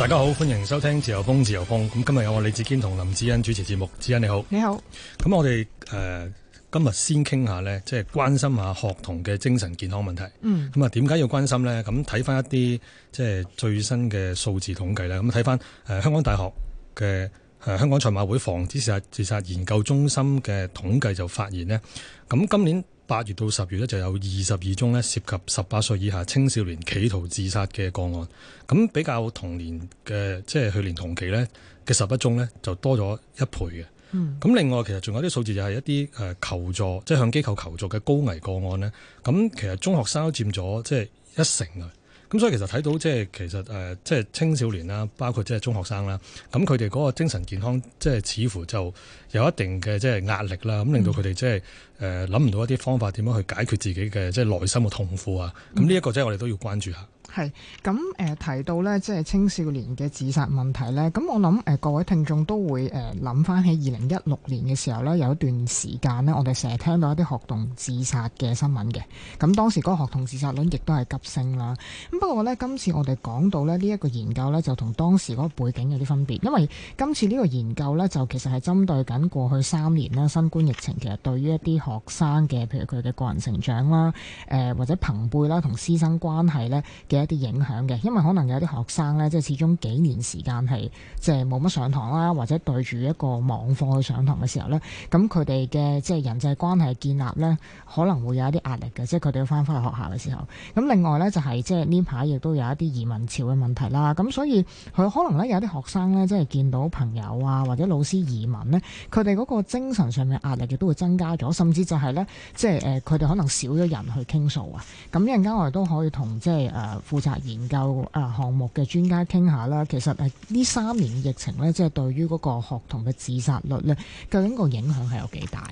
大家好，歡迎收聽自由風自由風。咁今日有我李志堅同林智恩主持節目。智恩你好，你好。咁我哋誒、呃、今日先傾下呢，即係關心下學童嘅精神健康問題。嗯。咁啊，點解要關心呢？咁睇翻一啲即係最新嘅數字統計呢。咁睇翻誒香港大學嘅誒、呃、香港賽馬會防止自殺自殺研究中心嘅統計就發現呢。咁今年。八月到十月咧，就有二十二宗咧涉及十八歲以下青少年企圖自殺嘅個案，咁比較同年嘅即係去年同期咧嘅十一宗咧就多咗一倍嘅。咁、嗯、另外其實仲有啲數字就係一啲誒求助，即係向機構求助嘅高危個案咧，咁其實中學生都佔咗即係一成啊。咁所以其實睇到即係其實誒，即係青少年啦，包括即係中學生啦，咁佢哋嗰個精神健康即係似乎就有一定嘅即係壓力啦，咁令到佢哋即係誒諗唔到一啲方法點樣去解決自己嘅即係內心嘅痛苦啊。咁呢一個即係我哋都要關注下。係咁誒提到咧，即係青少年嘅自殺問題咧。咁我諗誒、呃、各位聽眾都會誒諗翻起二零一六年嘅時候咧，有一段時間咧，我哋成日聽到一啲學童自殺嘅新聞嘅。咁當時嗰個學童自殺率亦都係急升啦。咁不過咧，今次我哋講到咧呢一、這個研究咧，就同當時嗰個背景有啲分別。因為今次呢個研究咧，就其實係針對緊過去三年咧，新冠疫情其實對於一啲學生嘅，譬如佢嘅個人成長啦，誒、呃、或者朋輩啦，同師生關係咧嘅，一啲影響嘅，因為可能有啲學生咧，即係始終幾年時間係，即係冇乜上堂啦，或者對住一個網課去上堂嘅時候咧，咁佢哋嘅即係人際關係建立咧，可能會有一啲壓力嘅，即係佢哋要翻返去學校嘅時候。咁另外咧就係即係呢排亦都有一啲移民潮嘅問題啦。咁所以佢可能咧有啲學生咧，即係見到朋友啊或者老師移民咧，佢哋嗰個精神上面壓力亦都會增加咗，甚至就係、是、咧即係誒，佢哋可能少咗人去傾訴啊。咁一陣間我哋都可以同即係誒。呃負責研究誒項目嘅專家傾下啦，其實係呢三年疫情呢，即係對於嗰個學童嘅自殺率呢，究竟個影響係有幾大？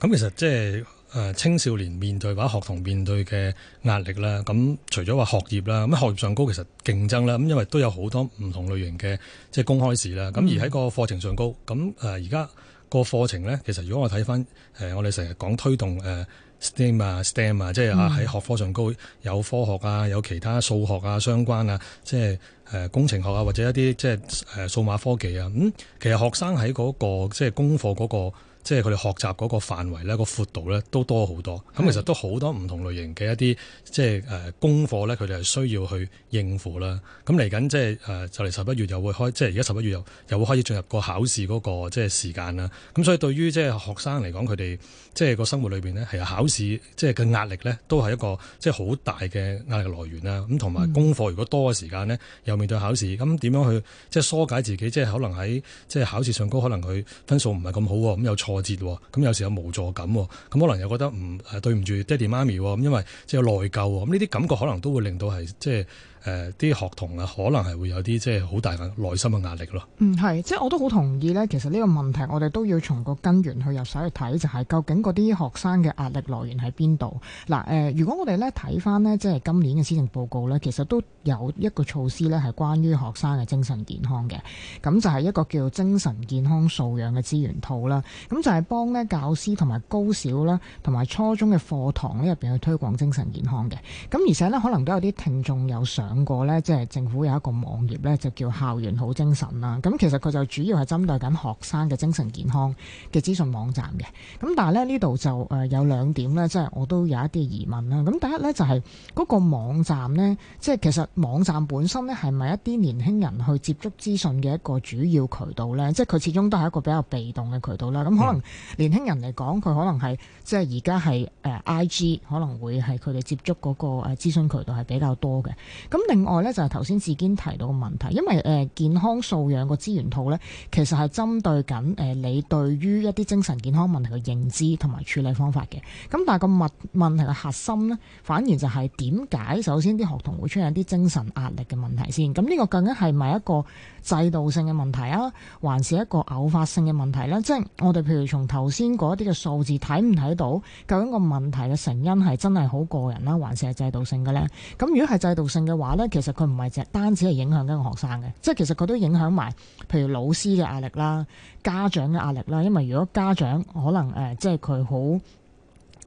咁其實即係誒青少年面對或者學童面對嘅壓力咧，咁除咗話學業啦，咁學業上高其實競爭啦，咁因為都有好多唔同類型嘅即係公開試啦，咁而喺個課程上高，咁誒而家個課程呢，其實如果我睇翻誒，我哋成日講推動誒。STEM 啊，STEM 啊，即係喺學科上高有科學啊，有其他數學啊相關啊，即係誒工程學啊，或者一啲即係誒數碼科技啊。咁、嗯、其實學生喺嗰、嗰個即係、即係、功課嗰、嗰個。即係佢哋學習嗰個範圍咧，個闊度咧都多好多。咁其實都好多唔同類型嘅一啲即係誒功課咧，佢哋係需要去應付啦。咁嚟緊即係誒，就嚟十一月又會開，即係而家十一月又又會開始進入個考試嗰個即係時間啦。咁所以對於即係學生嚟講，佢哋即係個生活裏邊咧，係考試即係嘅壓力咧，都係一個即係好大嘅壓力來源啦。咁同埋功課如果多嘅時間咧，又面對考試，咁點樣去即係疏解自己？即係可能喺即係考試上高，可能佢分數唔係咁好喎，咁又錯。過節咁有時有無助感，咁可能又覺得唔誒對唔住爹哋媽咪咁，因為即係有內疚咁，呢啲感覺可能都會令到係即係。誒啲學童啊，可能係會有啲即係好大嘅內心嘅壓力咯。嗯，係，即係我都好同意咧。其實呢個問題，我哋都要從個根源去入手去睇，就係究竟嗰啲學生嘅壓力來源喺邊度？嗱，誒，如果我哋咧睇翻呢，即係今年嘅施政報告咧，其實都有一個措施咧，係關於學生嘅精神健康嘅。咁就係一個叫做精神健康素養嘅資源套啦。咁就係幫呢教師同埋高小啦，同埋初中嘅課堂咧入面去推廣精神健康嘅。咁而且呢，可能都有啲聽眾有想。講過咧，即係政府有一個網頁咧，就叫校園好精神啦。咁其實佢就主要係針對緊學生嘅精神健康嘅資訊網站嘅。咁但係咧呢度就誒有兩點咧，即係我都有一啲疑問啦。咁第一咧就係嗰個網站咧，即係其實網站本身咧係咪一啲年輕人去接觸資訊嘅一個主要渠道咧？即係佢始終都係一個比較被動嘅渠道啦。咁、嗯、可能年輕人嚟講，佢可能係即係而家係誒 I G 可能會係佢哋接觸嗰個誒諮詢渠道係比較多嘅。咁另外咧就係頭先志堅提到嘅問題，因為誒健康素養個資源套咧，其實係針對緊誒你對於一啲精神健康問題嘅認知同埋處理方法嘅。咁但係個問問題嘅核心咧，反而就係點解首先啲學童會出現一啲精神壓力嘅問題先？咁呢個究竟係咪一個制度性嘅問題啊，還是一個偶發性嘅問題咧？即係我哋譬如從頭先嗰一啲嘅數字睇唔睇到，究竟個問題嘅成因係真係好個人啦、啊，還是係制度性嘅咧？咁如果係制度性嘅話。咧，其實佢唔係淨單止係影響緊學生嘅，即係其實佢都影響埋，譬如老師嘅壓力啦、家長嘅壓力啦。因為如果家長可能誒、呃，即係佢好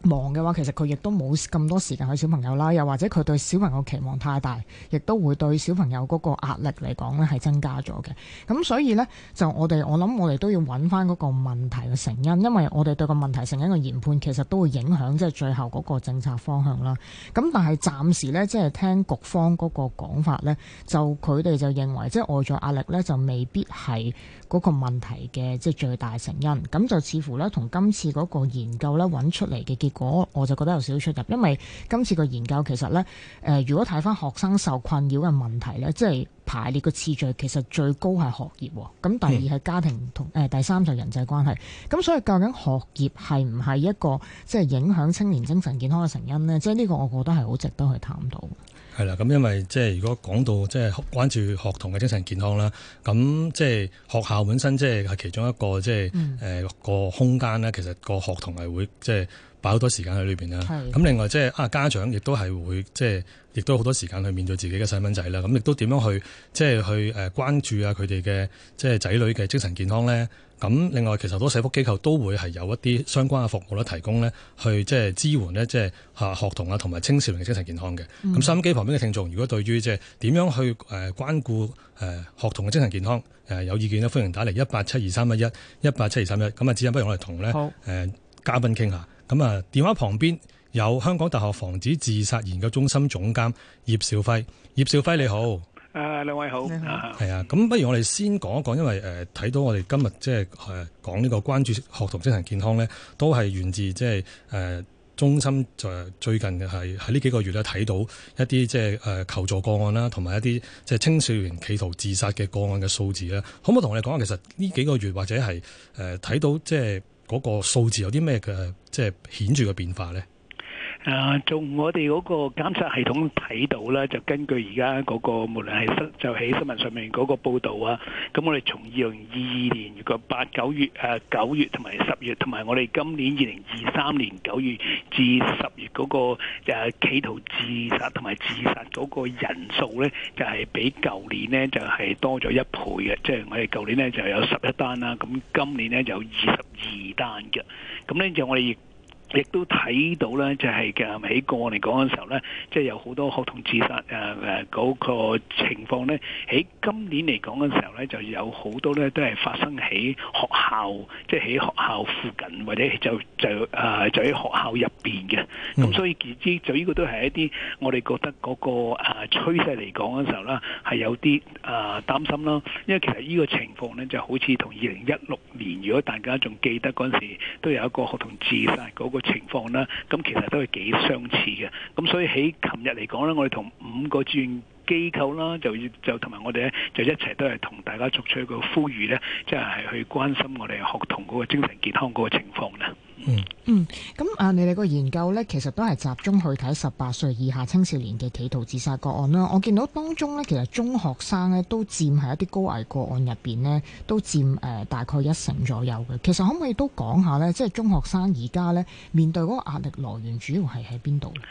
忙嘅話，其實佢亦都冇咁多時間去小朋友啦，又或者佢對小朋友期望太大，亦都會對小朋友嗰個壓力嚟講咧，係增加咗嘅。咁所以咧，就我哋我諗我哋都要揾翻嗰個問題嘅成因，因為我哋對個問題成因嘅研判其實都會影響即係最後嗰個政策方向啦。咁但係暫時咧，即係聽局方嗰個講法咧，就佢哋就認為即係外在壓力咧就未必係嗰個問題嘅即係最大成因。咁就似乎咧同今次嗰個研究咧揾出嚟嘅結果我就覺得有少少出入，因為今次個研究其實呢，誒，如果睇返學生受困擾嘅問題呢，即係排列個次序，其實最高係學業，咁第二係家庭同誒，第三就係人際關係。咁所以究竟學業係唔係一個即係影響青年精神健康嘅成因呢？即係呢個，我覺得係好值得去探討。係啦，咁因為即係如果講到即係關注學童嘅精神健康啦，咁即係學校本身即係係其中一個即係誒個空間呢，其實個學童係會即係。好多時間喺裏邊啦。咁另外，即係啊家長亦都係會，即係亦都好多時間去面對自己嘅細蚊仔啦。咁亦都點樣去，即係去誒關注啊佢哋嘅即係仔女嘅精神健康咧？咁另外，其實好多社福機構都會係有一啲相關嘅服務咧，提供咧，去即係支援咧，即係啊學童啊，同埋青少年嘅精神健康嘅。咁收音機旁邊嘅聽眾，如果對於即係點樣去誒關顧誒學童嘅精神健康誒有意見咧，歡迎打嚟一八七二三一一一八七二三一。咁啊，只不如我嚟同咧誒嘉賓傾下。咁啊，電話旁邊有香港大學防止自殺研究中心總監葉兆輝。葉兆輝你好，誒、啊、兩位好，係啊。咁、啊、不如我哋先講一講，因為誒睇、呃、到我哋今日即係誒講呢個關注學童精神健康咧，都係源自即係誒中心就、呃、最近係喺呢幾個月咧睇到一啲即係誒求助個案啦，同埋一啲即係青少年企圖自殺嘅個案嘅數字啦。可唔可以同我哋講下，其實呢幾個月或者係誒睇到即係？就是嗰個數字有啲咩嘅即係顯著嘅變化咧？誒，從我哋嗰個監測系統睇到咧，就根據而家嗰個無論係新就喺新聞上面嗰個報導啊，咁我哋從二零二二年嘅八九月誒九月同埋十月，同埋我哋今年二零二三年九月至十月嗰個誒企圖自殺同埋自殺嗰個人數咧，就係比舊年呢就係多咗一倍嘅，即係我哋舊年呢就有十一單啦，咁今年呢就有二十二單嘅，咁咧就我哋。亦都睇到呢就係嘅喺過往嚟講嘅時候咧，即係有好多學童自殺誒誒嗰個情況咧。喺今年嚟講嘅時候咧，就有好多咧都係發生喺學校，即係喺學校附近或者就就誒就喺學校入邊嘅。咁所以自知就呢個都係一啲我哋覺得嗰個誒趨勢嚟講嘅時候啦，係有啲誒擔心啦，因為其實呢個情況咧就好似同二零一六年，如果大家仲記得嗰陣時都有一個學童自殺嗰個個情況啦，咁其實都係幾相似嘅。咁所以喺琴日嚟講咧，我哋同五個志願機構啦，就就同埋我哋咧，就，就一齊都係同大家作出一個呼籲呢，即係係去關心我哋學童嗰個精神健康嗰個情況啦。嗯嗯，咁、嗯、啊，你哋個研究呢，其實都係集中去睇十八歲以下青少年嘅企圖自殺個案啦。我見到當中呢，其實中學生呢都佔喺一啲高危個案入邊呢都佔誒、呃、大概一成左右嘅。其實可唔可以都講下呢？即係中學生而家呢，面對嗰個壓力來源，主要係喺邊度咧？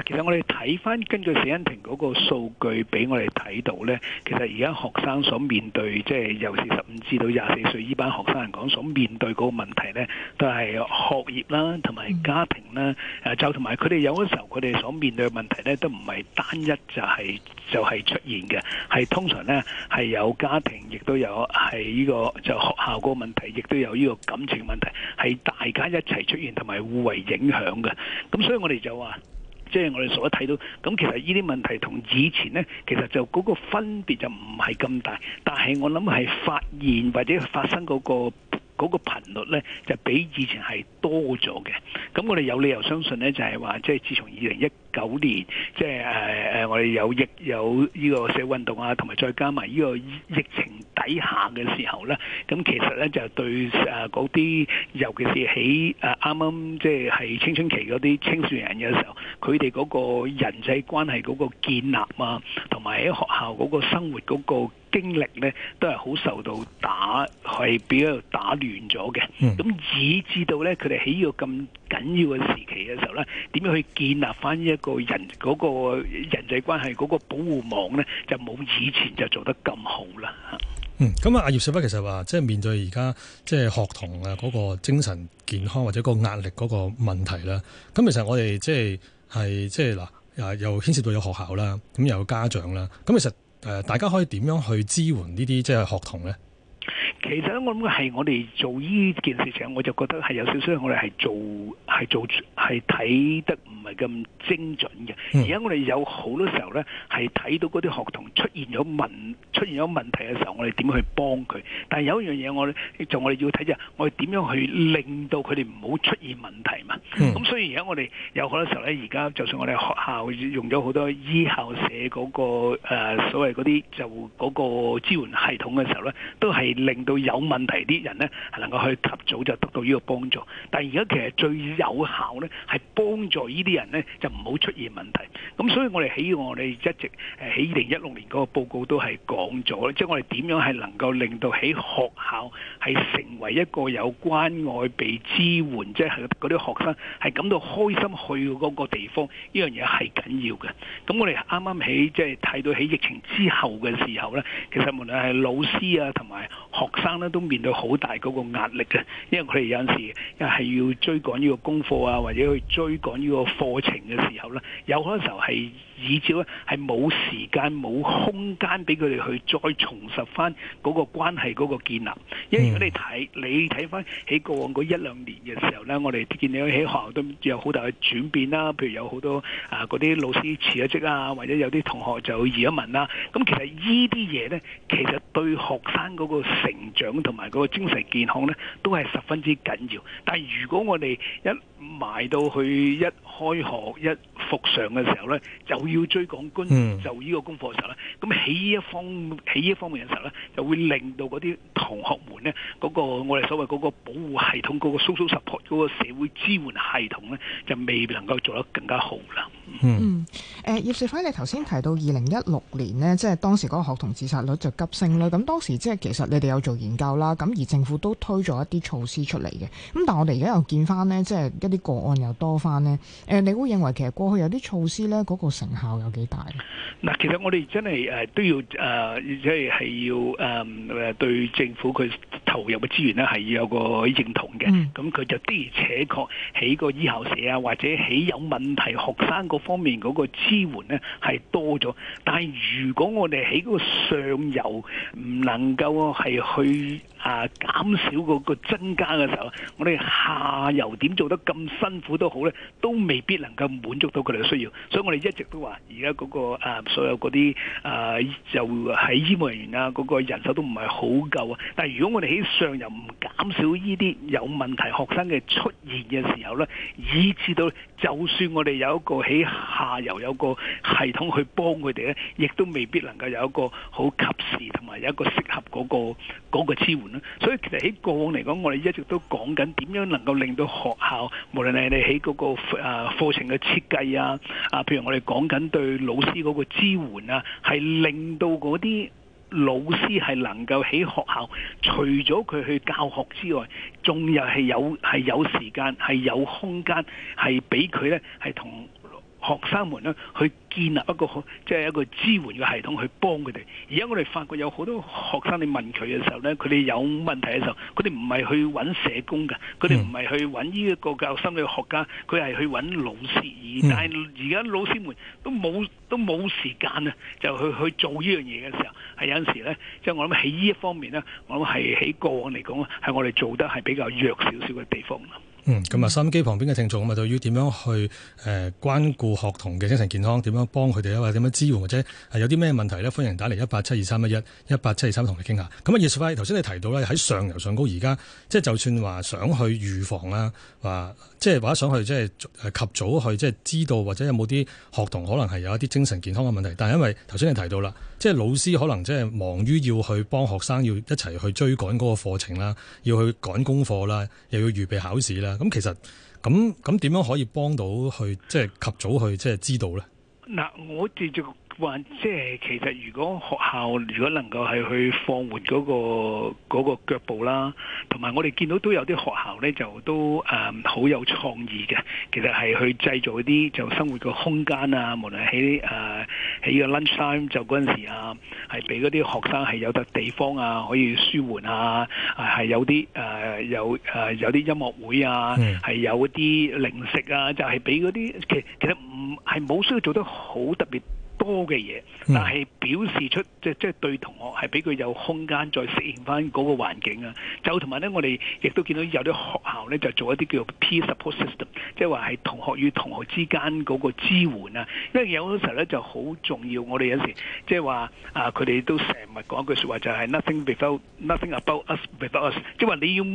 嗱，其實我哋睇翻根據死因庭嗰個數據俾我哋睇到呢，其實而家學生所面對，即係由四十五至到廿四歲呢班學生嚟講，所面對嗰個問題呢，都係。學業啦，同埋家庭啦，誒就同埋佢哋有嗰時候，佢哋所面對嘅問題呢，都唔係單一就係就係出現嘅，係通常呢，係有家庭，亦都有係呢個就學校嗰個問題，亦都有呢個感情問題，係大家一齊出現同埋互為影響嘅。咁所以我哋就話，即係我哋所睇到，咁其實呢啲問題同以前呢，其實就嗰個分別就唔係咁大，但係我諗係發現或者發生嗰個。嗰個頻率咧就比以前係多咗嘅，咁我哋有理由相信咧，就係話即係自從二零一。九年，即係誒誒，我哋有疫有呢個社運動啊，同埋再加埋呢個疫情底下嘅時候咧，咁其實咧就對誒嗰啲，尤其是喺誒啱啱即係青春期嗰啲青少年嘅時候，佢哋嗰個人際關係嗰個建立啊，同埋喺學校嗰個生活嗰個經歷咧，都係好受到打係比較打亂咗嘅。咁以至到咧，佢哋喺呢個咁緊要嘅時期嘅時候咧，點樣去建立翻一人嗰個人嗰個人際關係嗰、嗰個保護網咧，就冇以前就做得咁好啦嚇。嗯，咁啊，葉兆輝其實話，即係面對而家即係學童嘅嗰、嗰個精神健康或者個壓力嗰個問題啦。咁其實我哋即係係即係嗱，又又牽涉到有學校啦，咁又有家長啦。咁其實誒、呃，大家可以點樣去支援呢啲即係學童咧？其實咧，我諗係我哋做依件事情，我就覺得係有少少，我哋係做係做係睇得唔係咁精準嘅。而家我哋有好多時候咧，係睇到嗰啲學童出現咗問出現咗問題嘅時候，我哋點去幫佢？但係有一樣嘢，我哋仲我哋要睇就係我哋點樣去令到佢哋唔好出現問題嘛？咁、嗯、所以而家我哋有好多時候咧，而家就算我哋學校用咗好多醫校社嗰、嗰個、呃、所謂嗰啲就嗰個支援系統嘅時候咧，都係令到，有問題啲人咧，係能夠去及早就得到呢個幫助。但係而家其實最有效咧，係幫助呢啲人咧，就唔好出現問題。咁所以我哋希望我哋一直喺二零一六年嗰個報告都係講咗咧，即係我哋點樣係能夠令到喺學校係成為一個有關愛被支援，即係嗰啲學生係感到開心去嗰個地方，呢樣嘢係緊要嘅。咁我哋啱啱喺即係睇到喺疫情之後嘅時候咧，其實無論係老師啊同埋學生生咧都面對好大嗰個壓力嘅，因為佢哋有陣時又係要追趕呢個功課啊，或者去追趕呢個課程嘅時候咧，有好多時候係，以致咧係冇時間冇空間俾佢哋去再重拾翻嗰個關係嗰個建立，因為如果你睇你睇翻喺過往嗰一兩年嘅時候咧，我哋見你喺學校都有好大嘅轉變啦，譬如有好多啊嗰啲老師辭咗職啊，或者有啲同學就移咗民啦，咁其實依啲嘢咧，其實對學生嗰個成長同埋嗰個精神健康咧，都係十分之緊要。但係如果我哋一埋到去一開學一復上嘅時候呢，就要追趕功就呢個功課嘅時候呢。咁起一方起一方面嘅時候呢，就會令到嗰啲同學們呢，嗰個我哋所謂嗰個保護系統、嗰個 support、嗰個社會支援系統呢，就未能夠做得更加好啦。嗯，誒、欸、葉兆輝，你頭先提到二零一六年呢，即係當時嗰個學童自殺率就急升啦。咁當時即係其實你哋有做研究啦，咁而政府都推咗一啲措施出嚟嘅。咁但係我哋而家又見翻呢，即係啲個案又多翻呢？誒、呃，你會認為其實過去有啲措施呢，嗰、那個成效有幾大？嗱，其實我哋真係誒都要誒，即係係要誒誒、呃、對政府佢投入嘅資源呢，係要有個認同嘅。咁、嗯、佢就的而且確起個醫校社啊，或者起有問題學生嗰方面嗰個支援呢，係多咗。但係如果我哋喺嗰個上游唔能夠係去。啊！減少個個增加嘅時候，我哋下游點做得咁辛苦都好呢，都未必能夠滿足到佢哋嘅需要。所以我哋一直都話、嗰個，而家嗰個啊，所有嗰啲啊，就喺醫務人員啊，嗰、嗰個人手都唔係好夠啊。但如果我哋喺上游唔減少呢啲有問題學生嘅出現嘅時候呢，以至到。就算我哋有一個喺下游有個系統去幫佢哋咧，亦都未必能夠有一個好及時同埋有一個適合嗰個嗰個支援啦。所以其實喺過往嚟講，我哋一直都講緊點樣能夠令到學校，無論係你喺嗰個誒課程嘅設計啊，啊，譬如我哋講緊對老師嗰個支援啊，係令到嗰啲。老師係能夠喺學校，除咗佢去教學之外，仲又係有係有時間，係有空間，係俾佢咧，係同，學生們咧，去建立一個即係一個支援嘅系統去幫佢哋。而家我哋發覺有好多學生，你問佢嘅時候咧，佢哋有問題嘅時候，佢哋唔係去揾社工㗎，佢哋唔係去揾呢一個教心理學家，佢係去揾老師而。但係而家老師們都冇都冇時間啊，就去去做呢樣嘢嘅時候，係有陣時咧，即係我諗喺呢一方面咧，我諗係喺過往嚟講，係我哋做得係比較弱少少嘅地方。嗯，咁、嗯、啊，收音機旁邊嘅聽眾，咁啊，對於點樣去誒關顧學童嘅精神健康，點樣幫佢哋咧，或者點樣支援，或者係有啲咩問題咧，歡迎打嚟，一八七二三一一一八七二三，同你傾下。咁啊葉兆輝頭先你提到咧喺上游上高，而家即係就算話想去預防啦，話。即係話想去，即係及早去，即係知道或者有冇啲學童可能係有一啲精神健康嘅問題。但係因為頭先你提到啦，即係老師可能即係忙於要去幫學生要一齊去追趕嗰個課程啦，要去趕功課啦，又要預備考試啦。咁其實咁咁點樣可以幫到去即係及早去即係知道咧？嗱，我哋就。或即係其實，如果學校如果能夠係去放緩嗰、那個嗰、那個、腳步啦，同埋我哋見到都有啲學校咧，就都誒好、嗯、有創意嘅。其實係去製造一啲就生活嘅空間啊，無論喺誒喺個 lunch time 就嗰陣時啊，係俾嗰啲學生係有得地方啊，可以舒緩啊，係有啲誒、啊、有誒、啊、有啲音樂會啊，係有啲零食啊，就係俾嗰啲其實其實唔係冇需要做得好特別。多嘅嘢，但、啊、係表示出即即對同學係俾佢有空間再適應翻嗰個環境啊。就同埋咧，我哋亦都見到有啲學校咧就做一啲叫做 peer support system，即係話係同學與同學之間嗰個支援啊。因為有啲時候咧就好重要，我哋有時即係話啊，佢哋都成日講一句説話就係、是、nothing without nothing about us without us，即係話你要。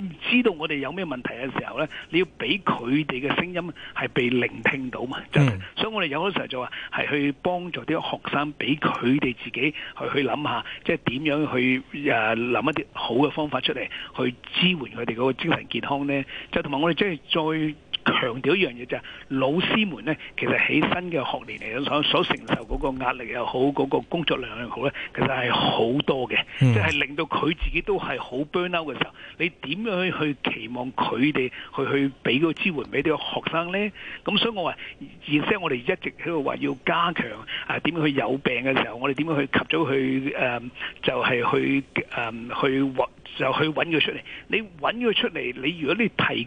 唔知道我哋有咩問題嘅時候呢，你要俾佢哋嘅聲音係被聆聽到嘛？就所以我哋有啲時候就話係去幫助啲學生，俾佢哋自己去去諗下，即係點樣去誒諗一啲好嘅方法出嚟，去支援佢哋嗰個精神健康呢？就同埋我哋即係再。強調一樣嘢就係老師們咧，其實起身嘅學年嚟講，所承受嗰個壓力又好，嗰、嗰個工作量又好咧，其實係好多嘅、嗯，即係令到佢自己都係好 burnout 嘅時候，你點樣去期望佢哋去去俾個支援俾啲學生咧？咁所以我話，而且我哋一直喺度話要加強啊，點樣去有病嘅時候，我哋點樣去及早去誒、呃，就係、係、去誒、呃、去、呃、就去揾佢出嚟？你揾佢出嚟，你如果你提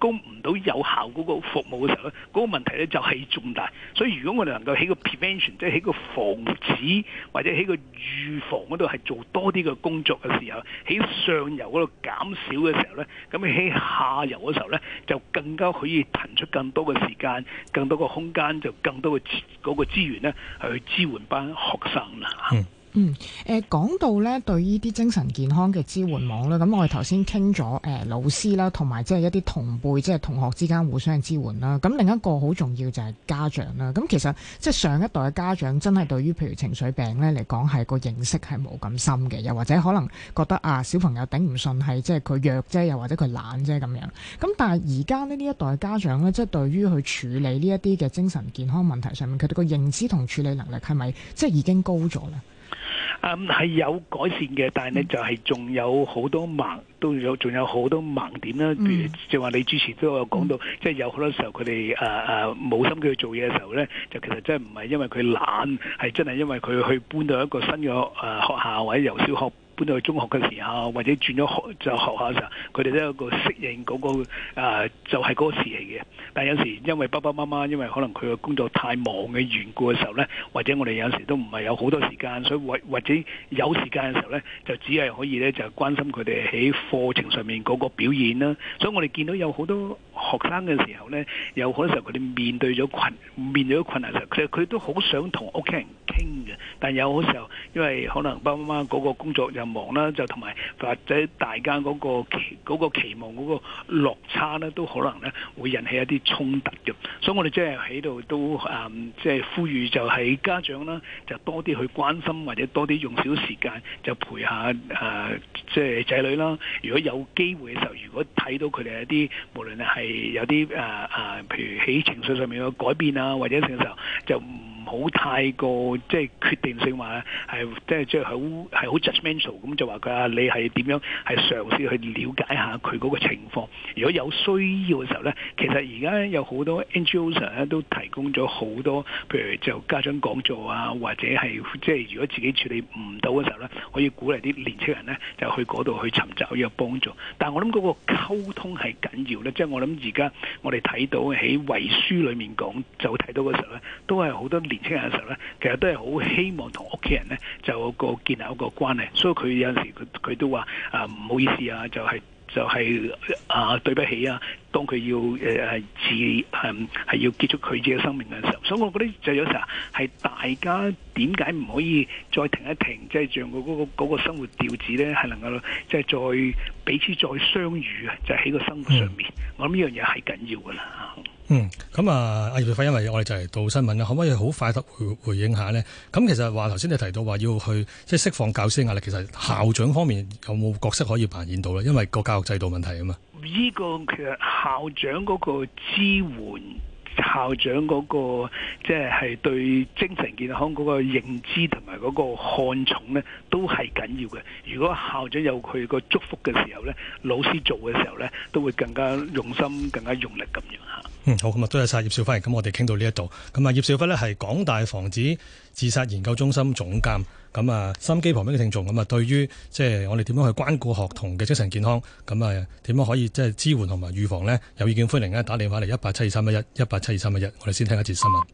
供唔到有效嗰個服務嘅時候咧，嗰個問題咧就係重大。所以如果我哋能夠起個 prevention，即係起個防止或者起個預防嗰度係做多啲嘅工作嘅時候，喺上游嗰度減少嘅時候咧，咁喺下游嘅時候咧，就更加可以騰出更多嘅時間、更多嘅空間，就更多嘅嗰個資源咧，係去支援班學生啦。嗯嗯，誒，講到咧，對於啲精神健康嘅支援網啦，咁我哋頭先傾咗誒老師啦，同埋即係一啲同輩，即係同學之間互相嘅支援啦。咁另一個好重要就係家長啦。咁其實即係上一代嘅家長真係對於譬如情緒病咧嚟講係個認識係冇咁深嘅，又或者可能覺得啊小朋友頂唔順係即係佢弱啫，又或者佢懶啫咁樣。咁但係而家呢呢一代嘅家長咧，即係對於去處理呢一啲嘅精神健康問題上面，佢哋個認知同處理能力係咪即係已經高咗咧？啊、嗯，係有改善嘅，但係咧、嗯、就係、是、仲有好多盲，都有仲有好多盲點啦。譬、嗯、如、嗯，正話李主持都有講到，即係有好多時候佢哋誒誒冇心機去做嘢嘅時候咧，就其實真係唔係因為佢懶，係真係因為佢去搬到一個新嘅誒學校或者由小學。搬到去中學嘅時候，或者轉咗學就學校時候，佢哋都有個適應嗰個啊，就係嗰個時期嘅。但有時因為爸爸媽媽因為可能佢嘅工作太忙嘅緣故嘅時候咧，或者我哋有時都唔係有好多時間，所以或或者有時間嘅時候咧，就只係可以咧就關心佢哋喺課程上面嗰個表現啦。所以我哋見到有好多學生嘅時候咧，有好多時候佢哋面對咗困面對咗困難時候，其實佢都好想同屋企人傾嘅，但有好時候因為可能爸爸媽媽嗰個工作又～望啦，就同埋或者大家嗰個期嗰個期望嗰個落差咧，都可能咧會引起一啲衝突嘅，所以我哋即係喺度都誒，即係呼籲就係家長啦，就多啲去關心或者多啲用少少時間就陪下誒即係仔女啦。如果有機會嘅時候，如果睇到佢哋一啲無論係有啲誒誒，譬如喺情緒上面嘅改變啊，或者成嘅時候就。唔好太過即係決定性話係即係即係好係好 judgemental 咁就話佢啊，你係點樣係嘗試去了解一下佢嗰個情況。如果有需要嘅時候咧，其實而家有好多 NGO 咧都提供咗好多，譬如就家長講座啊，或者係即係如果自己處理唔到嘅時候咧，可以鼓勵啲年輕人咧就去嗰度去尋找依個幫助。但係我諗嗰個溝通係緊要咧，即係我諗而家我哋睇到喺遺書裏面講就睇到嘅時候咧，都係好多。年青人嘅時候咧，其實都係好希望同屋企人咧，就個建立一個關係，所以佢有時佢佢都話啊，唔好意思啊，就係、係、就係、係、啊對不起啊，當佢要誒、啊、自係係、啊、要結束佢自己嘅生命嘅時候，所以我覺得就係有時候係大家點解唔可以再停一停，即係像我嗰個、嗰個生活調子咧，係能夠即係再彼此再相遇啊，就喺、係、個生活上面，嗯、我諗呢樣嘢係緊要㗎啦。嗯，咁啊，阿葉兆輝，因為我哋就嚟到新聞啦，可唔可以好快得回回應下咧？咁其實話頭先你提到話要去即係釋放教師壓力，其實校長方面有冇角色可以扮演到咧？因為個教育制度問題啊嘛。呢個其實校長嗰個支援。校長嗰、那個即係、就是、對精神健康嗰個認知同埋嗰個看重呢，都係緊要嘅。如果校長有佢個祝福嘅時候呢，老師做嘅時候呢，都會更加用心，更加用力咁樣吓。嗯，好，咁啊，多謝晒葉兆輝。咁我哋傾到呢一度。咁啊，葉兆輝咧係港大防止自殺研究中心總監。咁啊，心機旁邊嘅聽眾，咁啊，對於即係我哋點樣去關顧學童嘅精神健康，咁啊點樣可以即係支援同埋預防呢？有意見歡迎呢，打電話嚟一八七二三一一一八七二三一一，我哋先聽一節新聞。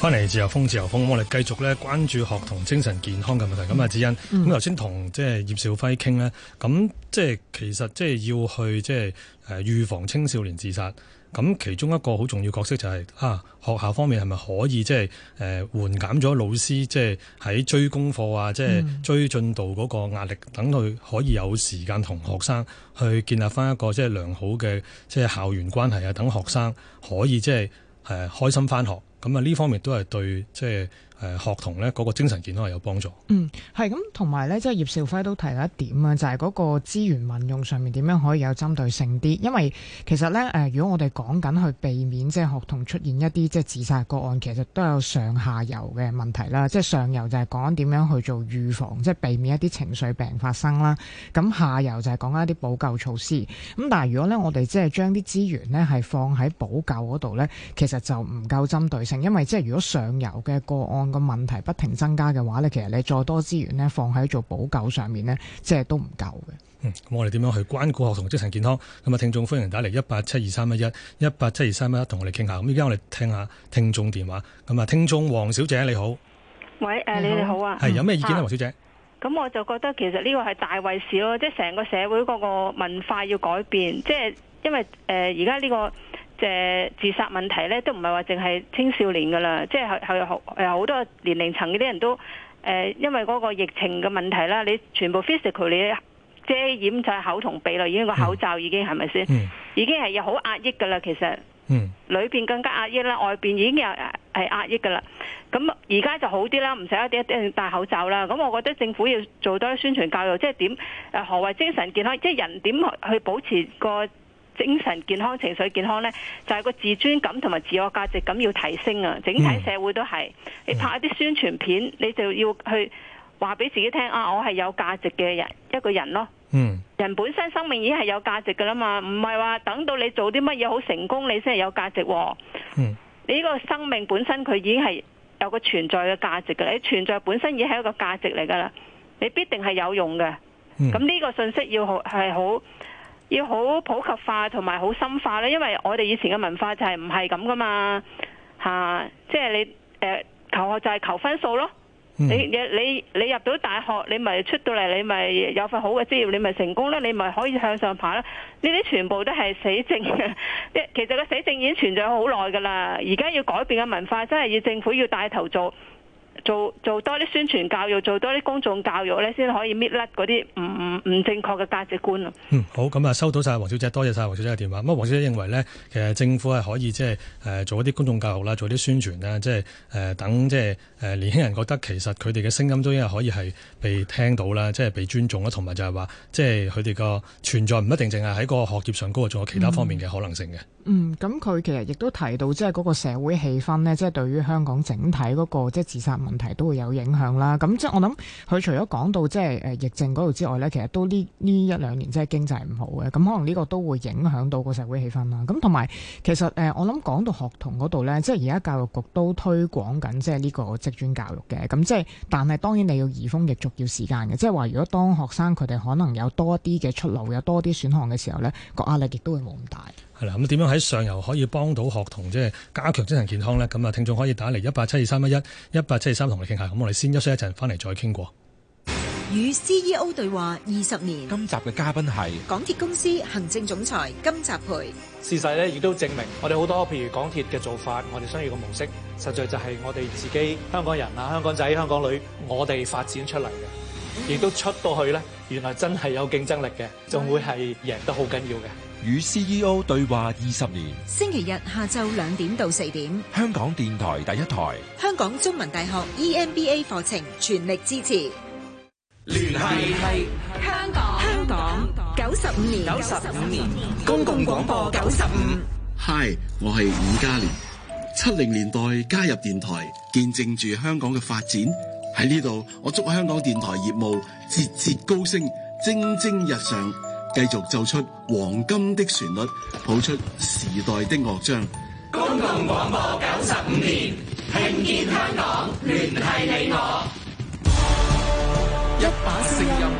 翻嚟自由風，自由風，我哋繼續咧關注學童精神健康嘅問題。咁、嗯、啊，子欣，咁頭先同即係葉兆輝傾呢，咁即係其實即係要去即係誒預防青少年自殺。咁其中一個好重要角色就係、是、啊學校方面係咪可以即係誒緩減咗老師即係喺追功課啊，即、就、係、是、追進度嗰個壓力，等、嗯、佢可以有時間同學生去建立翻一個即係良好嘅即係校園關係啊，等學生可以即係誒開心翻學。咁啊呢方面都係對即係，就是誒學童咧嗰個精神健康係有幫助。嗯，係咁，同埋咧，即係葉兆輝都提咗一點啊，就係、是、嗰個資源運用上面點樣可以有針對性啲？因為其實咧、呃，如果我哋講緊去避免即係學童出現一啲即係自殺個案，其實都有上下游嘅問題啦。即係上游就係講點樣去做預防，即係避免一啲情緒病發生啦。咁下游就係講緊一啲補救措施。咁但係如果咧，我哋即係將啲資源咧係放喺補救嗰度咧，其實就唔夠針對性，因為即係如果上游嘅個案個問題不停增加嘅話咧,其實你再多資源咧放喺做補救上面咧，即係都唔夠嘅。嗯，咁我哋點樣去關顧學童精神健康？咁啊，聽眾歡迎打嚟，一八七二三一一一八七二三一一，同我哋傾下。咁而家我哋聽下聽眾電話。咁啊，聽眾黃小姐你好，喂，誒、呃，你哋好啊，係、嗯、有咩意見咧、啊，黃小姐？咁、啊、我就覺得其實呢個係大圍事，咯，即係成個社會個個文化要改變，即、就、係、是、因為誒而家呢個。即自殺問題咧，都唔係話淨係青少年噶啦，即係係係好多年齡層嗰啲人都誒、呃，因為嗰個疫情嘅問題啦，你全部 physical 你遮掩就係口同鼻啦，已經個口罩已經係咪先？已經係有好壓抑噶啦，其實嗯，裏邊更加壓抑啦，外邊已經有係壓,壓抑噶啦。咁而家就好啲啦，唔使一啲一啲戴口罩啦。咁我覺得政府要做多啲宣傳教育，即係點何為精神健康？即係人點去保持個。精神健康、情緒健康呢，就係、是、個自尊感同埋自我價值感要提升啊！整體社會都係你拍一啲宣傳片，你就要去話俾自己聽啊！我係有價值嘅人，一個人咯、嗯。人本身生命已經係有價值噶啦嘛，唔係話等到你做啲乜嘢好成功，你先係有價值，啊。嗯，你呢個生命本身佢已經係有個存在嘅價值嘅，你存在本身已經係一個價值嚟噶啦，你必定係有用嘅。咁、嗯、呢個信息要係好。要好普及化同埋好深化咧，因為我哋以前嘅文化就係唔係咁噶嘛吓，即係你、呃、求學就係求分數咯。你你你你入到大學，你咪出到嚟，你咪有份好嘅職業，你咪成功咧，你咪可以向上爬啦，呢啲全部都係死症嘅，其實個死症已經存在好耐噶啦。而家要改變嘅文化，真係要政府要帶頭做。做做多啲宣傳教育，做多啲公眾教育呢先可以搣甩嗰啲唔唔唔正確嘅價值觀咯。嗯，好，咁啊，收到晒黃小姐，多謝晒黃小姐嘅電話。咁啊，黃小姐認為呢，其實政府係可以即係誒做一啲公眾教育啦，做啲宣傳啦，即係誒、呃、等即係誒、呃、年輕人覺得其實佢哋嘅聲音都應該可以係被聽到啦，即係被尊重啦，同埋就係話即係佢哋個存在唔一定淨係喺個學業上高，仲有其他方面嘅可能性嘅。嗯。嗯，咁佢其實亦都提到，即係嗰個社會氣氛咧，即係對於香港整體嗰個即係自殺問題都會有影響啦。咁即係我諗佢除咗講到即係誒疫症嗰度之外咧，其實都呢呢一兩年即係經濟唔好嘅，咁可能呢個都會影響到個社會氣氛啦。咁同埋其實誒我諗講到學童嗰度咧，即係而家教育局都推廣緊即係呢個職專教育嘅。咁即係，但係當然你要移風易俗，要時間嘅。即係話如果當學生佢哋可能有多啲嘅出路，有多啲選項嘅時候咧，個壓力亦都會冇咁大。係喇，咁、嗯、點樣喺上游可以幫到學童，即係加強精神健康咧？咁、嗯、啊，聽眾可以打嚟、嗯、一八七二三一一，一八七二三同你傾傾下。咁我哋先休息一陣，翻嚟再傾過。與 CEO 對話二十年。今集嘅嘉賓係港鐵公司行政總裁金澤培。事實咧，亦都證明我哋好多譬如港鐵嘅做法，我哋商業嘅模式，實在就係我哋自己香港人啊，香港仔、香港女，我哋發展出嚟嘅，亦、嗯、都出到去咧，原來真係有競爭力嘅，仲、嗯、會係贏得好緊要嘅。與 CEO 對話二十年。星期日下晝兩點到四點，香港電台第一台，香港中文大學 EMBA 課程全力支持。聯繫係香港，香港九十五年，九十五年，公共廣播九十五。Hi，我係伍嘉廉，七零年代加入電台，見證住香港嘅發展。喺呢度，我祝香港電台業務節節高升，蒸蒸日上。繼續奏出黃金的旋律，譜出時代的樂章。公共廣播九十五年，聽見香港，聯繫你我。一把聲音，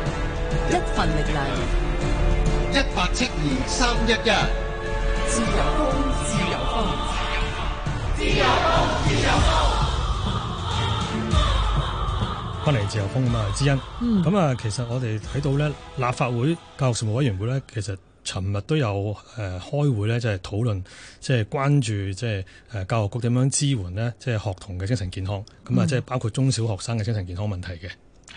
一份力量。一八七二三一一，自由風，自由風，自由風，自由風。翻嚟自由風啊嘛，之恩咁啊、嗯。其實我哋睇到咧，立法會教育事務委員會咧，其實尋日都有誒開會咧，就係討論，即係關注，即係誒教育局點樣支援咧，即係學童嘅精神健康。咁啊，即係包括中小學生嘅精神健康問題嘅。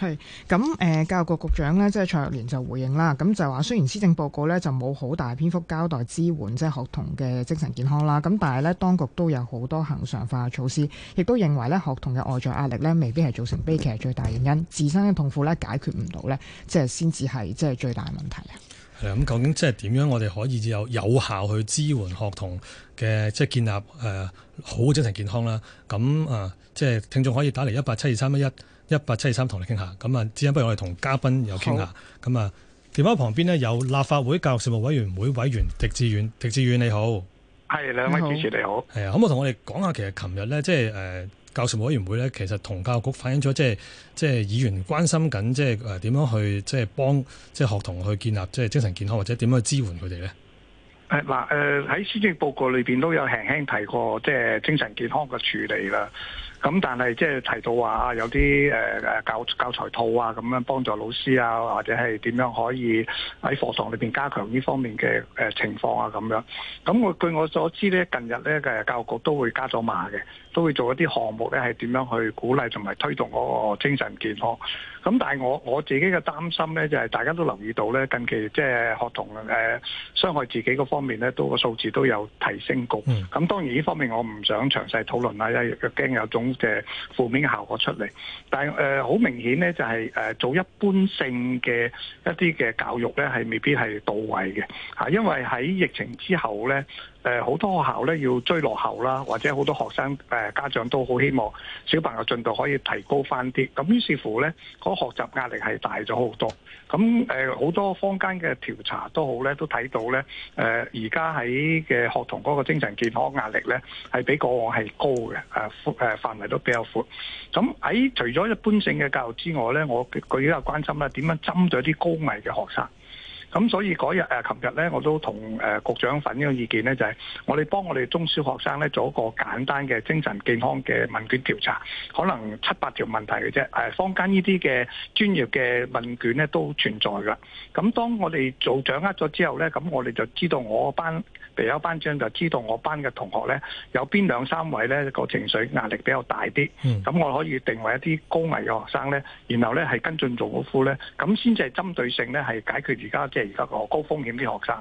係咁、呃，教育局局長呢即係蔡若蓮就回應啦。咁就話，雖然施政報告呢就冇好大篇幅交代支援即係學童嘅精神健康啦，咁但係咧當局都有好多恆常化嘅措施，亦都認為呢學童嘅外在壓力呢未必係造成悲劇最大原因。自身嘅痛苦呢解決唔到呢即係先至係即係最大問題啊。咁究竟即係點樣我哋可以有有效去支援學童嘅即係建立、呃、好精神健康啦？咁、呃、即係聽眾可以打嚟一八七二三一一。一八七二三同你傾下，咁啊，之不如我哋同嘉賓有傾下。咁啊，電話旁邊呢，有立法會教育事務委員會委員狄志遠。狄志遠你好。係兩位主持你好。係啊，可唔可以同我哋講下，其實琴日呢，即係誒，教育事務委員會呢，其實同教育局反映咗，即係即係議員關心緊，即係誒，點樣去即係幫即係學童去建立即係精神健康，或者點樣去支援佢哋呢？誒、呃，嗱、呃，誒，喺施政報告裏邊都有輕輕提過，即係精神健康嘅處理啦。咁但係即係提到話啊，有啲誒教教材套啊，咁樣幫助老師啊，或者係點樣可以喺課堂裏面加強呢方面嘅情況啊，咁樣。咁我據我所知咧，近日咧嘅教育局都會加咗碼嘅。都會做一啲項目咧，係點樣去鼓勵同埋推動嗰個精神健康？咁但係我我自己嘅擔心咧，就係、是、大家都留意到咧，近期即係學童誒、呃、傷害自己嗰方面咧，都個數字都有提升過。咁當然呢方面我唔想詳細討論啦，因為驚有種嘅負面嘅效果出嚟。但係、呃、好明顯咧，就係、是、誒做一般性嘅一啲嘅教育咧，係未必係到位嘅吓，因為喺疫情之後咧。誒、呃、好多學校咧要追落後啦，或者好多學生誒、呃、家長都好希望小朋友進度可以提高翻啲，咁於是乎咧，嗰學習壓力係大咗好多。咁誒好多坊間嘅調查都好咧，都睇到咧，誒而家喺嘅學童嗰個精神健康壓力咧，係比過往係高嘅，誒、啊、誒範圍都比較闊。咁喺除咗一般性嘅教育之外咧，我佢比較關心啦，點樣針對啲高危嘅學生？咁所以嗰日誒，琴日咧，我都同誒、啊、局長反映個意見咧，就係、是、我哋幫我哋中小學生咧做一個簡單嘅精神健康嘅問卷調查，可能七八條問題嘅啫。誒、啊，坊間呢啲嘅專業嘅問卷咧都存在噶。咁當我哋做掌握咗之後咧，咁我哋就知道我班。第一班長就知道我班嘅同學呢，有邊兩三位呢個情緒壓力比較大啲，咁、嗯、我可以定位一啲高危嘅學生呢，然後呢係跟進做個輔呢。咁先至係針對性呢，係解決而家即係而家個高風險啲學生。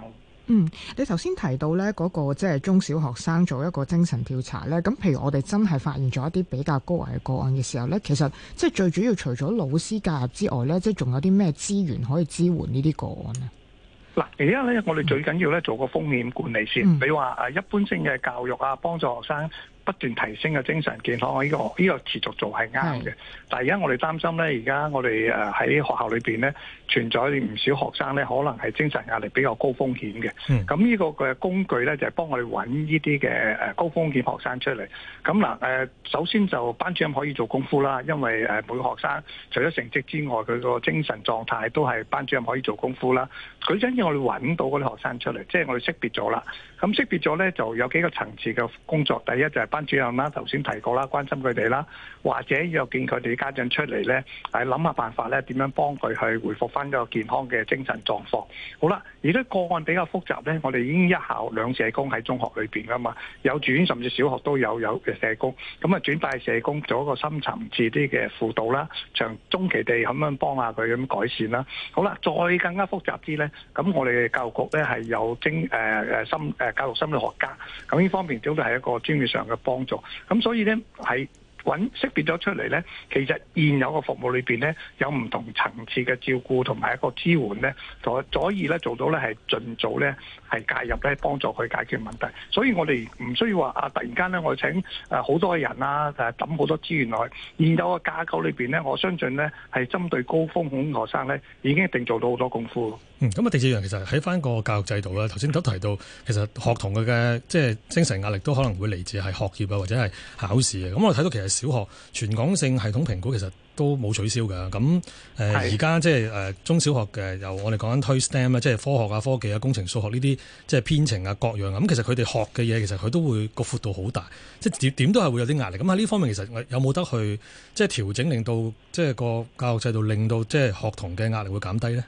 嗯，你頭先提到呢嗰個即係中小學生做一個精神調查呢。咁譬如我哋真係發現咗一啲比較高危嘅個案嘅時候呢，其實即係最主要除咗老師介入之外呢，即仲有啲咩資源可以支援呢啲個案呢？嗱，而家咧，我哋最緊要咧，做個風險管理先。比如話誒，一般性嘅教育啊，幫助學生。不斷提升嘅精神健康，呢個呢個持續做係啱嘅。但係而家我哋擔心咧，而家我哋誒喺學校裏邊咧存在唔少學生咧，可能係精神壓力比較高風險嘅。咁、嗯、呢個嘅工具咧就係、是、幫我哋揾呢啲嘅誒高風險學生出嚟。咁嗱誒，首先就班主任可以做功夫啦，因為誒每個學生除咗成績之外，佢個精神狀態都係班主任可以做功夫啦。佢想要我哋揾到嗰啲學生出嚟，即、就、係、是、我哋識別咗啦。咁識別咗咧就有幾個層次嘅工作，第一就係班主任啦，頭先提過啦，關心佢哋啦，或者約見佢哋家長出嚟咧，係諗下辦法咧，點樣幫佢去回復翻個健康嘅精神狀況。好啦，而啲個案比較複雜咧，我哋已經一校兩社工喺中學裏邊噶嘛，有住院甚至小學都有有嘅社工，咁啊轉帶社工做一個深層次啲嘅輔導啦，長中期地咁樣幫下佢咁改善啦。好啦，再更加複雜啲咧，咁我哋嘅教育局咧係有精誒誒深誒教育心理學家，咁呢方面主要都係一個專業上嘅。幫助咁，所以咧係揾識別咗出嚟咧，其實現有嘅服務裏面咧，有唔同層次嘅照顧同埋一個支援咧，就可以咧做到咧係盡早咧係介入咧幫助去解決問題。所以我哋唔需要話啊，突然間咧我請誒好多人啊誒抌好多資源去現有嘅架構裏面咧，我相信咧係針對高風險學生咧已經一定做到好多功夫。咁、嗯、啊，第四樣其實喺翻個教育制度啦，頭先都提到，其實學童佢嘅即係精神壓力都可能會嚟自係學業啊，或者係考試啊。咁、嗯嗯嗯、我睇到其實小學全港性系統評估其實都冇取消㗎。咁而家即係、呃、中小學嘅由我哋講緊推 STEM 啊，即係科學啊、科技啊、工程、數學呢啲，即係編程啊各樣咁，其實佢哋學嘅嘢其實佢都會個闊度好大，即係點都係會有啲壓力。咁喺呢方面其實有冇得去即係調整，令到即係個教育制度令到即係學童嘅壓力會減低呢？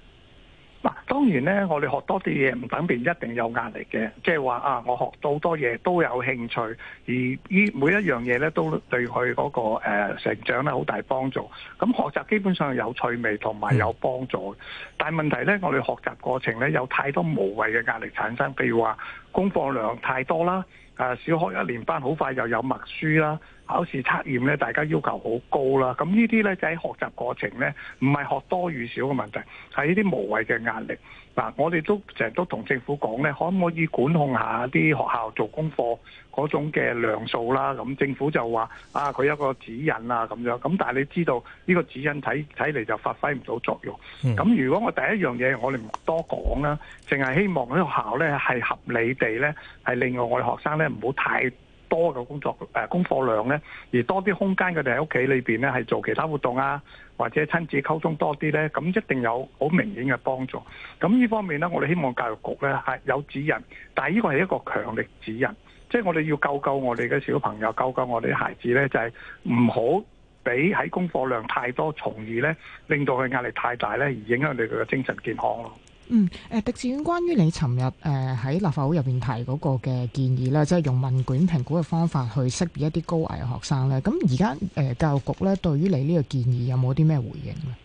嗱，當然咧，我哋學多啲嘢唔等便一定有壓力嘅，即係話啊，我學到多嘢都有興趣，而呢每一樣嘢咧都對佢嗰、那個、呃、成長咧好大幫助。咁學習基本上有趣味同埋有幫助，但係問題咧，我哋學習過程咧有太多無謂嘅壓力產生，譬如話功課量太多啦、呃，小學一年班好快又有默書啦。考試測驗咧，大家要求好高啦。咁呢啲咧就喺學習過程咧，唔係學多與少嘅問題，係呢啲無謂嘅壓力。嗱，我哋都成日都同政府講咧，可唔可以管控下啲學校做功課嗰種嘅量數啦？咁政府就話啊，佢有個指引啊咁樣。咁但係你知道呢個指引睇睇嚟就發揮唔到作用。咁、嗯、如果我第一樣嘢我哋唔多講啦，淨係希望啲學校咧係合理地咧，係令到我哋學生咧唔好太。多嘅工作誒、呃、功課量咧，而多啲空間佢哋喺屋企裏邊咧，係做其他活動啊，或者親子溝通多啲咧，咁一定有好明顯嘅幫助。咁呢方面咧，我哋希望教育局咧係有指引，但係呢個係一個強力指引，即係我哋要救救我哋嘅小朋友，救救我哋啲孩子咧，就係唔好俾喺功課量太多從而咧，令到佢壓力太大咧，而影響你佢嘅精神健康咯。嗯，誒、呃，狄志遠，關於你尋日誒喺立法會入邊提嗰個嘅建議咧，即、就、係、是、用問卷評估嘅方法去識別一啲高危嘅學生咧，咁而家誒教育局咧對於你呢個建議有冇啲咩回應咧？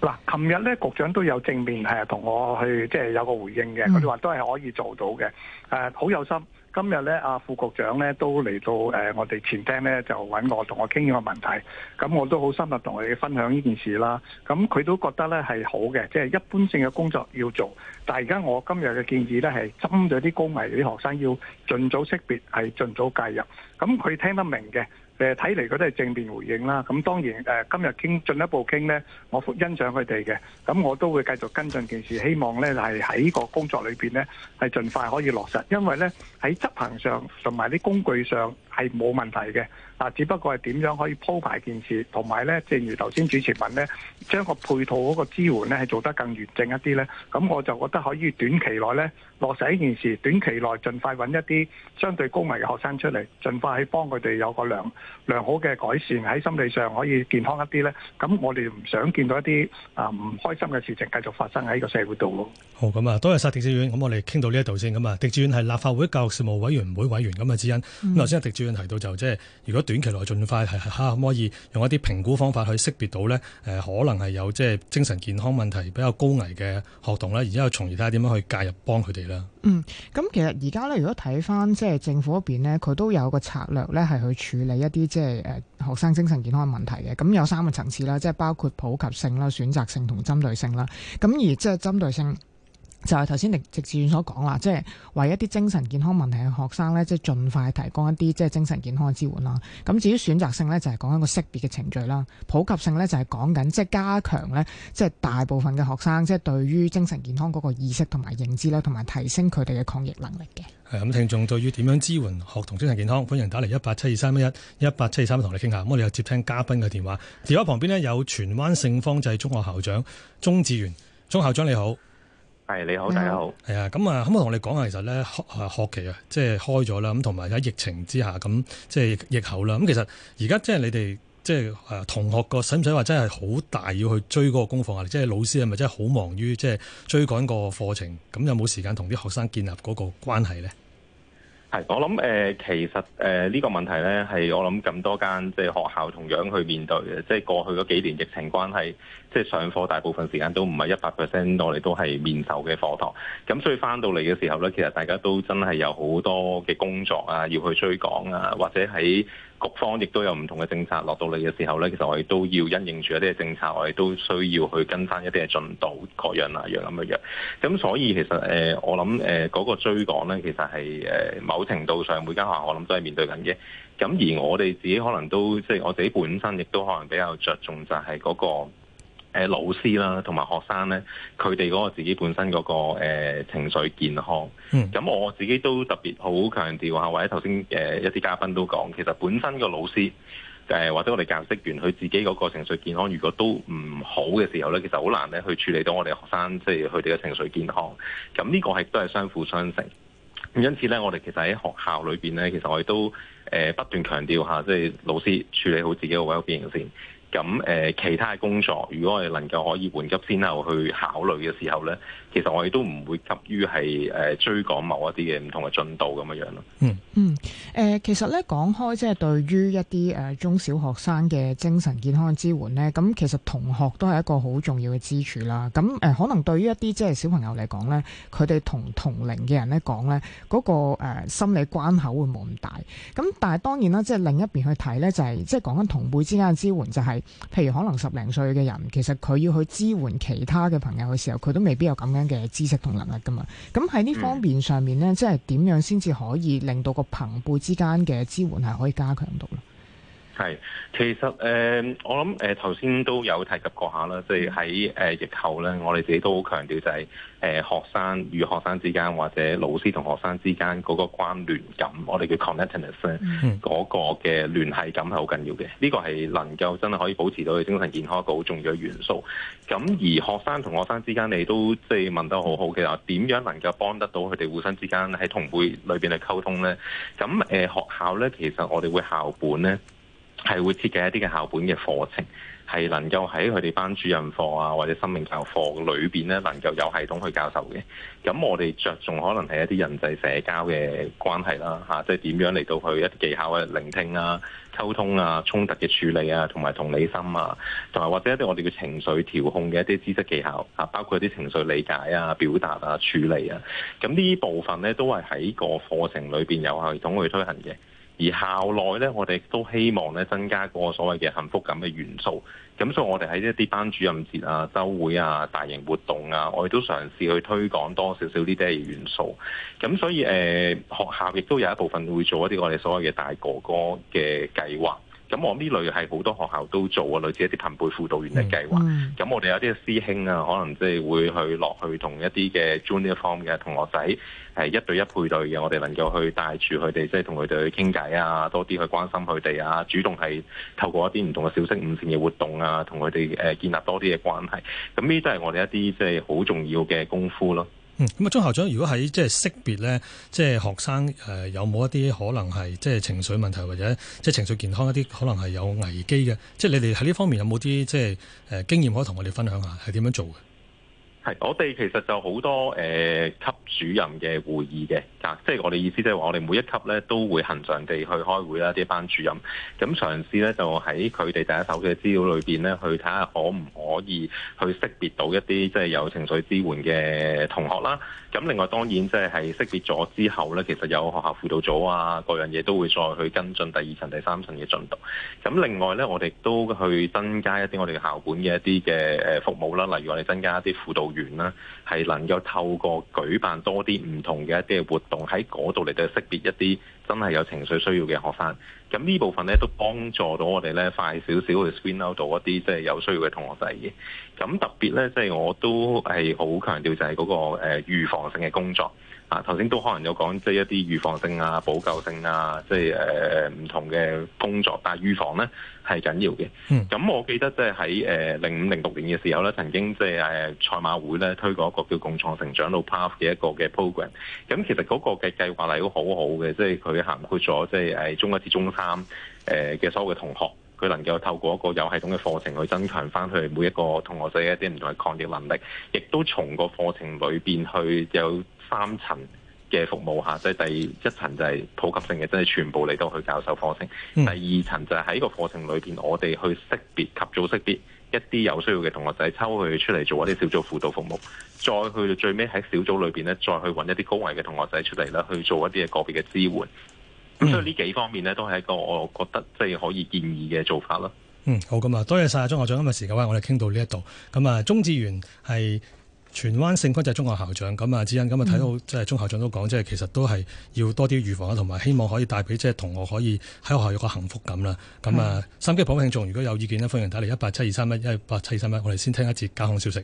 嗱，尋日咧局長都有正面係同、啊、我去即係、就是、有個回應嘅，佢哋話都係可以做到嘅，誒、啊，好有心。今日咧，阿副局長咧都嚟到誒、呃、我哋前廳咧，就揾我同我傾呢個問題。咁我都好深入同佢哋分享呢件事啦。咁佢都覺得咧係好嘅，即係一般性嘅工作要做。但係而家我今日嘅建議咧係針對啲高危啲學生要儘早識別，係儘早介入。咁佢聽得明嘅。誒睇嚟佢都係正面回應啦，咁當然誒、呃、今日傾進一步傾咧，我欣賞佢哋嘅，咁我都會繼續跟進件事，希望咧係喺個工作裏面咧係盡快可以落實，因為咧喺執行上同埋啲工具上係冇問題嘅。嗱，只不過係點樣可以鋪排件事，同埋咧，正如頭先主持問咧，將個配套嗰個支援咧係做得更完整一啲咧，咁我就覺得可以短期內咧落實一件事，短期內盡快揾一啲相對高危嘅學生出嚟，盡快去幫佢哋有個良良好嘅改善喺心理上可以健康一啲咧，咁我哋唔想見到一啲啊唔開心嘅事情繼續發生喺呢個社會度咯。好，咁啊，多謝曬狄志遠，咁我哋傾到呢一度先，咁啊，狄志遠係立法會教育事務委員會委員。咁啊，志源，咁頭先阿狄志遠提到就即係如果短期內盡快係嚇，可唔可以用一啲評估方法去識別到咧誒可能係有即係精神健康問題比較高危嘅學童啦。然之後從而睇下點樣去介入幫佢哋啦。嗯，咁其實而家咧，如果睇返即係政府嗰邊咧，佢都有個策略咧，係去處理一啲即係誒學生精神健康問題嘅。咁有三個層次啦，即係包括普及性啦、選擇性同針對性啦。咁而即係針對性。而就係頭先狄志遠所講啦，即係為一啲精神健康問題嘅學生咧，即係盡快提供一啲即係精神健康嘅支援啦。咁至於選擇性咧，就係講一個識別嘅程序啦；普及性咧，就係講緊即係加強咧，即係大部分嘅學生即係對於精神健康嗰個意識同埋認知啦，同埋提升佢哋嘅抗逆能力嘅。咁，聽眾對於點樣支援學童精神健康，歡迎打嚟一八七二三一一八七二三一，同你哋傾下。咁我哋又接聽嘉賓嘅電話，電話旁邊咧有荃灣聖芳濟中學校長鍾志源，鍾校長你好。係、嗯、你好，大家好。係啊，咁啊，可唔可以同你講下，其實咧，學學期啊，即係開咗啦，咁同埋喺疫情之下，咁即係疫後啦。咁其實而家即係你哋即係同學個使唔使話真係好大要去追嗰個功課壓力？即係老師係咪真係好忙於即係追趕個課程？咁有冇時間同啲學生建立嗰個關係咧？係，我諗誒、呃，其實誒呢、呃呢個問題咧，係我諗咁多間即係學校同樣去面對嘅，即係過去嗰幾年疫情關係，即係上課大部分時間都唔係一百 percent，我哋都係面授嘅課堂，咁所以翻到嚟嘅時候咧，其實大家都真係有好多嘅工作啊，要去追趕啊，或者喺，局方亦都有唔同嘅政策落到嚟嘅時候咧，其實我哋都要因應住一啲嘅政策，我哋都需要去跟翻一啲嘅進度各，各樣啊樣咁嘅樣。咁所以其實誒、呃，我諗誒嗰個追趕咧，其實係誒、呃、某程度上每間學校我諗都係面對緊嘅。咁而我哋自己可能都即係我自己本身亦都可能比較着重就係嗰、嗰個。誒老師啦，同埋學生咧，佢哋嗰個自己本身嗰個、呃、情緒健康。咁、嗯、我自己都特別好強調或者頭先、呃、一啲嘉賓都講，其實本身個老師、呃、或者我哋教職員佢自己嗰個情緒健康，如果都唔好嘅時候咧，其實好難咧去處理到我哋學生即係佢哋嘅情緒健康。咁呢個係都係相輔相成。咁因此咧，我哋其實喺學校裏面咧，其實我哋都、呃、不斷強調下，即係老師處理好自己個位。e l 先。咁誒，其他嘅工作，如果我哋能夠可以緩急先後去考慮嘅時候呢，其實我哋都唔會急於係誒追趕某一啲嘅唔同嘅進度咁嘅樣咯。嗯嗯，誒、呃，其實呢講開，即係對於一啲誒中小學生嘅精神健康嘅支援呢，咁其實同學都係一個好重要嘅支柱啦。咁誒，可能對於一啲即係小朋友嚟講呢，佢哋同同齡嘅人嚟講呢，嗰、嗰個心理關口會冇咁大。咁但係當然啦，即、就、係、係、另一邊去睇呢，就係即係講緊同輩之間嘅支援、就係，就係。譬如可能十零歲嘅人，其實佢要去支援其他嘅朋友嘅時候，佢都未必有咁樣嘅知識同能力噶嘛。咁喺呢方面上面呢、嗯，即係點樣先至可以令到個朋輩之間嘅支援係可以加強到呢？係，其實誒、呃，我諗誒頭先都有提及過一下啦，即係喺誒疫後咧，我哋自己都好強調就係、是、誒、呃、學生與學生之間或者老師同學生之間嗰個關聯感，我哋叫 connectness 嗰個嘅聯繫感係好緊要嘅。呢、這個係能夠真係可以保持到佢精神健康一個好重要嘅元素。咁而學生同學生之間，你都即係問得很好好嘅話，點樣能夠幫得到佢哋互相之間喺同輩裏邊嘅溝通咧？咁誒、呃、學校咧，其實我哋會校本咧。係會設計一啲嘅校本嘅課程，係能夠喺佢哋班主任課啊，或者生命教育課裏邊咧，能夠有系統去教授嘅。咁我哋着重可能係一啲人際社交嘅關係啦，嚇、啊，即係點樣嚟到去一啲技巧嘅聆聽啊、溝通啊、衝突嘅處理啊，同埋同理心啊，同埋或者一啲我哋嘅情緒調控嘅一啲知識技巧啊，包括一啲情緒理解啊、表達啊、處理啊。咁呢部分咧，都係喺個課程裏邊有系統去推行嘅。而校內咧，我哋都希望咧，增加嗰個所謂嘅幸福感嘅元素。咁所以，我哋喺一啲班主任節啊、周會啊、大型活動啊，我哋都嘗試去推廣多少少呢啲元素。咁所以，誒、呃、學校亦都有一部分會做一啲我哋所謂嘅大哥哥嘅計劃。咁我呢類係好多學校都做啊，類似一啲朋輩輔導員嘅計劃。咁、嗯、我哋有啲師兄啊，可能即係會去落去同一啲嘅 Junior Form 嘅同學仔，係一對一配對嘅，我哋能夠去帶住佢哋，即係同佢哋去傾偈啊，多啲去關心佢哋啊，主動係透過一啲唔同嘅小息午膳嘅活動啊，同佢哋誒建立多啲嘅關係。咁呢啲都係我哋一啲即係好重要嘅功夫咯。嗯，咁啊，鍾校長，如果喺即係識別咧，即係學生誒有冇一啲可能係即係情緒問題或者即係情緒健康一啲可能係有危機嘅，即係你哋喺呢方面有冇啲即係誒經驗可以同我哋分享下，係點樣做嘅？係，我哋其實就好多誒、呃、級主任嘅會議嘅，即係我哋意思即係話我哋每一級咧都會恒常地去開會啦，啲班主任咁嘗試咧就喺佢哋第一手嘅資料裏邊咧去睇下可唔可以去識別到一啲即係有情緒支援嘅同學啦。咁另外當然即係係識別咗之後呢，其實有學校輔導組啊，各樣嘢都會再去跟進第二層、第三層嘅進度。咁另外呢，我哋都去增加一啲我哋嘅校本嘅一啲嘅誒服務啦，例如我哋增加一啲輔導員啦，係能夠透過舉辦多啲唔同嘅一啲嘅活動喺嗰度嚟到識別一啲真係有情緒需要嘅學生。咁呢部分咧都幫助到我哋咧快少少去 screen out 到一啲即係有需要嘅同學仔嘅。咁特別咧即係我都係好強調就係嗰個、呃、預防性嘅工作。啊頭先都可能有講即係一啲預防性啊，補救性啊，即係呃、唔同嘅工作，但係預防咧係緊要嘅。咁、嗯、我記得即係喺零五零六年嘅時候咧，曾經即係誒賽馬會咧推過一個叫共創成長路 Path 嘅一個嘅 program。咁其實嗰個嘅計劃嚟都好好嘅，即係佢涵括咗即係中一至中三嘅所有嘅同學，佢能夠透過一個有系統嘅課程去增強翻佢每一個同學仔一啲唔同嘅抗逆能力，亦都從個課程裏邊去有三層嘅服務吓，即係第一層就係普及性嘅，真係全部嚟到去教授課程；嗯、第二層就係喺個課程裏邊，我哋去識別及早識別一啲有需要嘅同學仔，抽佢出嚟做一啲小組輔導服務，再去到最尾喺小組裏邊咧，再去揾一啲高危嘅同學仔出嚟啦，去做一啲嘅個別嘅支援。咁、嗯、所以呢幾方面咧，都係一個我覺得即係可以建議嘅做法咯。嗯，好，咁啊，多謝晒鍾校長今日時間，我哋傾到呢一度。咁啊，鍾志源係荃灣聖芳濟中學校長。咁啊，智恩，咁啊，睇到，即係鍾校長都講，即係其實都係要多啲預防啊，同埋希望可以帶俾即係同學可以喺學校有個幸福感啦。咁啊，心機廣聽眾，如果有意見呢，歡迎打嚟一八七二三一一八七二三一，我哋先聽一節交通消息。